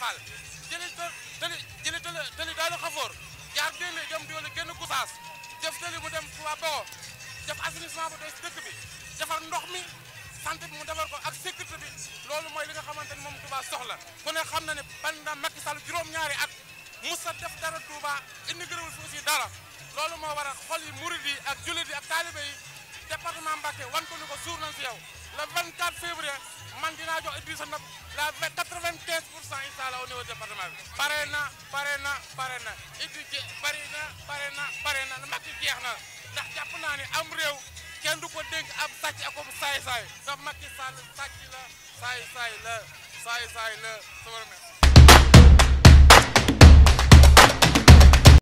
Fall jëli tëli jëli tëli tëli daal xafoor jaar déle dem doole génn Gossas def tëli mu dem waa Bawol def assainissement bu doy dëkk bi defar ndox mi santé bi mu defar ko ak sécurité bi loolu mooy li nga xamante ni moom Touba soxla ku xam na ne pendant Macky Sall juróom-ñaari at musa def dara Touba indi gërëwul dara loolu moo war a xol yi murid yi ak jullit yi ak taalibe yi département Mbacké wan ko ni ko suur yow le 24 février man dinaa jox Idrissa Ndab la 95 pour cent incha allah au niveau département bi. pare na pare na pare na Idrissa bari na pare na pare na Macky jeex na ndax jàpp naa ni am réew kenn du ko dénk ab sàcc ak ab saay-saay ndax Macky Sall sàcc la saay-saay la saay-saay la sama